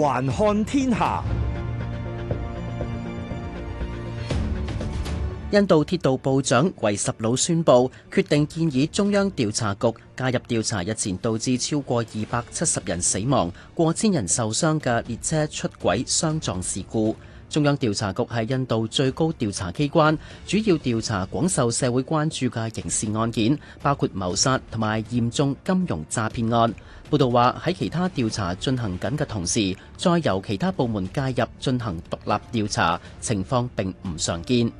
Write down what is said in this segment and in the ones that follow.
環看天下，印度鐵道部長維什魯宣布，決定建議中央調查局加入調查日前導致超過二百七十人死亡、過千人受傷嘅列車出軌相撞事故。中央調查局係印度最高調查機關，主要調查廣受社會關注嘅刑事案件，包括謀殺同埋嚴重金融詐騙案。報道話，喺其他調查進行緊嘅同時，再由其他部門介入進行獨立調查，情況並唔常見。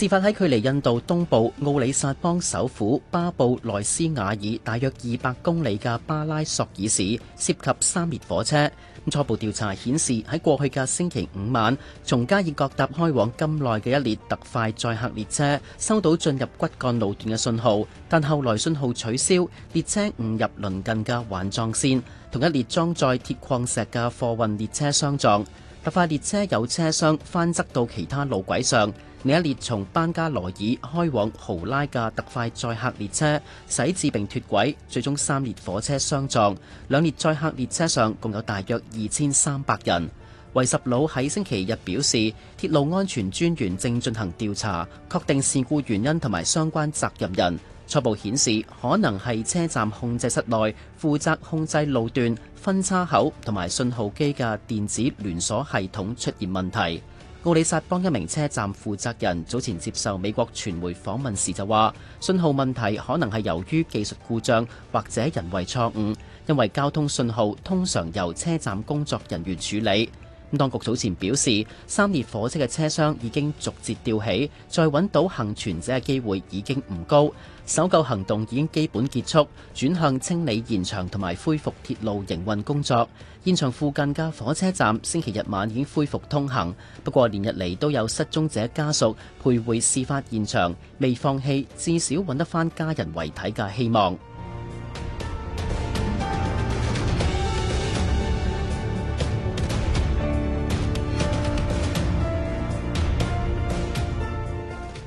事發喺距離印度東部奧里薩邦首府巴布萊斯瓦爾大約二百公里嘅巴拉索爾市，涉及三列火車。初步調查顯示，喺過去嘅星期五晚，從加爾各答開往金奈嘅一列特快載客列車收到進入骨幹路段嘅信號，但後來信號取消，列車誤入鄰近嘅環狀線，同一列裝載鐵礦石嘅貨運列車相撞。特快列車有車廂翻側到其他路軌上。另一列從班加羅爾開往豪拉嘅特快載客列車駛至並脱軌，最終三列火車相撞，兩列載客列車上共有大約二千三百人。維什魯喺星期日表示，鐵路安全專員正進行調查，確定事故原因同埋相關責任人。初步顯示，可能係車站控制室內負責控制路段、分叉口同埋信號機嘅電子聯鎖系統出現問題。奧里薩邦一名車站負責人早前接受美國傳媒訪問時就話：信號問題可能係由於技術故障或者人為錯誤，因為交通信號通常由車站工作人員處理。當局早前表示，三列火車嘅車廂已經逐節吊起，再揾到幸存者嘅機會已經唔高。搜救行動已經基本結束，轉向清理現場同埋恢復鐵路營運工作。現場附近嘅火車站星期日晚已經恢復通行，不過連日嚟都有失蹤者家屬徘徊事發現場，未放棄至少揾得翻家人遺體嘅希望。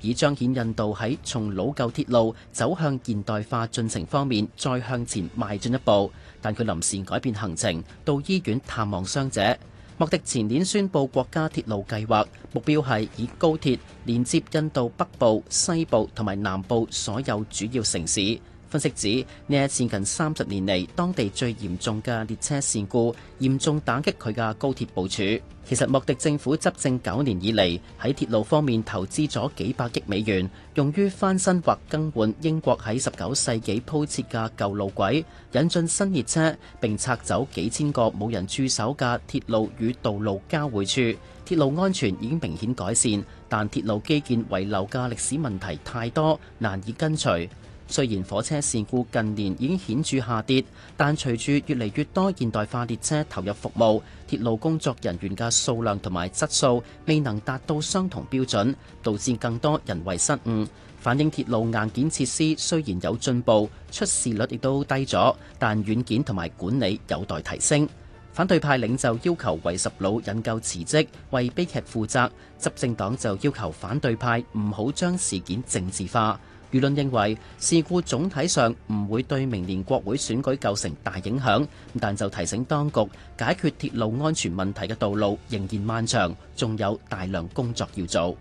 以彰顯印度喺從老舊鐵路走向現代化進程方面再向前邁進一步，但佢臨時改變行程，到醫院探望傷者。莫迪前年宣布國家鐵路計劃，目標係以高鐵連接印度北部、西部同埋南部所有主要城市。分析指呢一次近三十年嚟，當地最嚴重嘅列車事故，嚴重打擊佢嘅高鐵部署。其實莫迪政府執政九年以嚟，喺鐵路方面投資咗幾百億美元，用於翻新或更換英國喺十九世紀鋪設嘅舊路軌，引進新列車，並拆走幾千個冇人駐守嘅鐵路與道路交匯處，鐵路安全已經明顯改善，但鐵路基建遺留嘅歷史問題太多，難以根除。雖然火車事故近年已經顯著下跌，但隨住越嚟越多現代化列車投入服務，鐵路工作人員嘅數量同埋質素未能達到相同標準，導致更多人為失誤。反映鐵路硬件設施雖然有進步，出事率亦都低咗，但軟件同埋管理有待提升。反對派領袖要求維十佬引咎辭職，為悲劇負責。執政黨就要求反對派唔好將事件政治化。輿論認為事故總體上唔會對明年國會選舉構成大影響，但就提醒當局解決鐵路安全問題嘅道路仍然漫長，仲有大量工作要做。